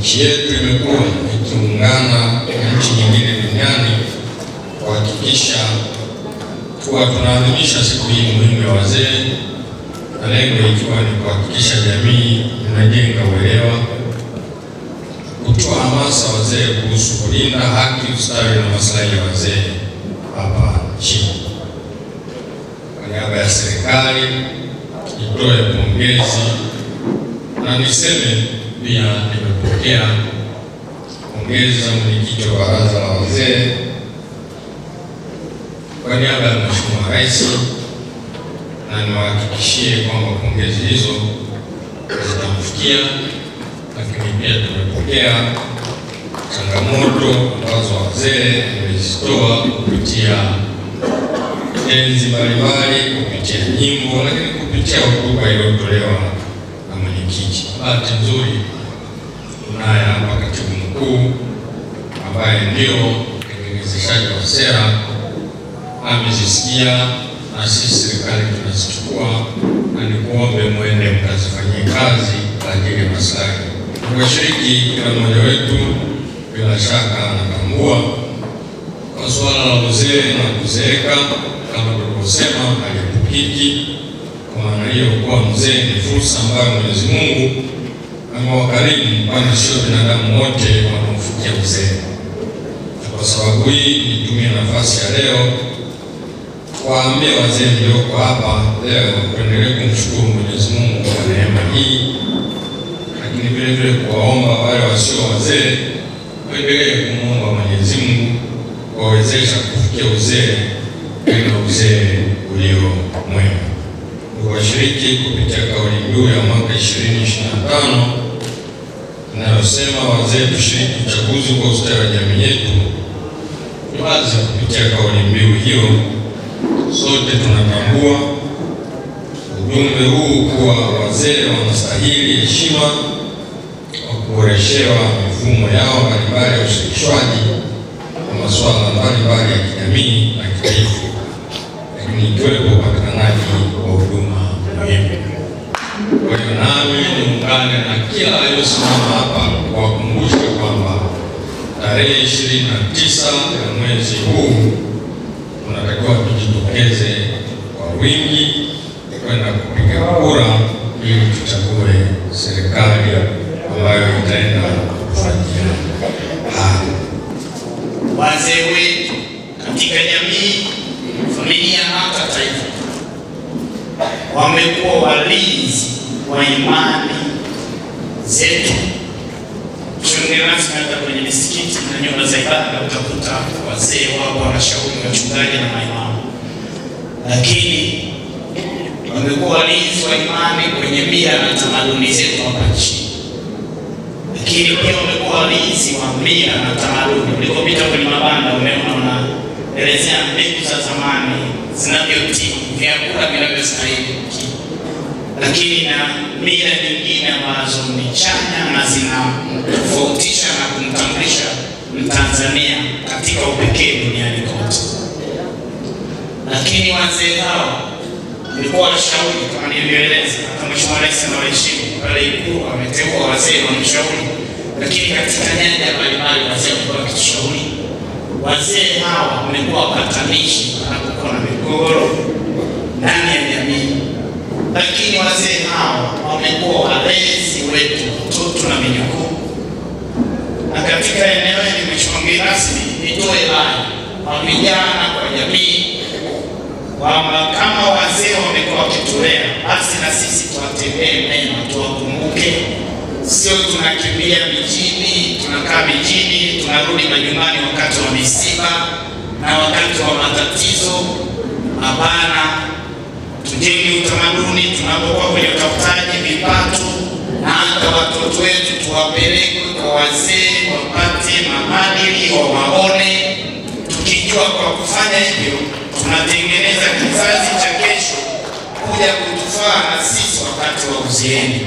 Nchi yetu imekuwa ikiungana na nchi nyingine duniani kuhakikisha kuwa tunaadhimisha siku hii muhimu ya wazee, na lengo ikiwa ni kuhakikisha jamii inajenga uelewa, kutoa hamasa wazee kuhusu kulinda haki, ustawi na maslahi ya wazee hapa nchini. Kwa niaba ya serikali nitoe pongezi na niseme pia nimepokea pongezi za mwenyekiti wa baraza la wazee kwa niaba ya Mheshimiwa Rais, na niwahakikishie kwamba pongezi hizo zitamfikia, lakini pia tumepokea changamoto ambazo wazee wamezitoa kupitia enzi mbalimbali, kupitia nyimbo, lakini kupitia hotuba iliyotolewa na mwenyekiti. Bahati nzuri tunaye hapa katibu mkuu ambaye ndio mtengenezeshaji wa sera, amezisikia na sisi serikali tunazichukua, na nikuombe mwende mkazifanyie kazi kwa ajili ya maslahi washiriki. Kila mmoja wetu bila shaka anatambua kwa suala la uzee na kuzeeka, kama tulivyosema, haliepukiki. Kwa maana hiyo, kuwa mzee ni fursa ambayo Mwenyezi Mungu ama wakarimu, kwani sio binadamu wote wanaofikia uzee. Kwa sababu hii nitumie nafasi ya leo waambie wazee mlioko hapa leo, tuendelee kumshukuru Mwenyezi Mungu kwa neema hii, lakini vile vile kuwaomba wale wasio wazee waendelee kumwomba Mwenyezi Mungu wawezesha kufikia uzee na uzee ulio mwema. Washiriki kupitia kauli mbiu ya mwaka 2025 inayosema wazee tushiriki uchaguzi kwa ustawi wa jamii yetu ni kupitia kauli mbiu hiyo, sote tunatambua ujumbe huu kuwa wazee wanastahili heshima wa kuboreshewa mifumo yao mbalimbali ya ushirikishwaji wa masuala mbalimbali ya kijamii na kitaifa, lakini ikiwepo upatikanaji wa huduma muhimu. Kwa hiyo nami niungane na kila aliyosimama tarehe tisa ya mwezi huu tunatakiwa tujitokeze kwa wingi kwenda kupiga kura ili tuchague serikali ambayo itaenda kufanyia haya. Wazee wetu katika jamii, familia, hata taifa wamekuwa walinzi wa imani zetu Ukiongea nasi hata kwenye misikiti na nyumba za ibada utakuta wazee wao wanashauri wachungaji na maimamu, lakini wamekuwa walinzi wa imani kwenye mila na tamaduni zetu hapa nchini, lakini pia wamekuwa walinzi wa mila na tamaduni. Ulipopita kwenye mabanda umeona wanaelezea mbegu za zamani zinavyotii, vyakula vinavyostahili lakini na mila nyingine ambazo ni chanya na zinamtofautisha na kumtambulisha Mtanzania katika upekee duniani kote. Lakini wazee hao walikuwa washauri, kama nilivyoeleza, hata Mheshimiwa Rais anawaheshimu pale Ikulu ameteua wazee wa mshauri, lakini katika nyanja mbalimbali wazee walikuwa wakitushauri. Wazee hawa wamekuwa wapatanishi anapokuwa na migogoro ndani lakini wazee hao wamekuwa walezi wetu, watoto na vijukuu. Na katika eneo hili, Mheshimiwa mgeni rasmi, nitoe rai kwa vijana, kwa jamii kwamba kama wazee wamekuwa wakitulea, basi na sisi tuwatembee mema, tuwakumbuke. Sio tunakimbia mijini, tunakaa mijini, tunarudi majumbani wakati wa misiba na wakati wa matatizo. Hapana tujenge utamaduni tunapokuwa kwenye utafutaji vipato, na hata watoto wetu tuwapeleke kwa wazee wapate maadili wa maone. Tukijua kwa kufanya hivyo, tunatengeneza kizazi cha kesho kuja kutufaa na sisi wakati wa uzeeni.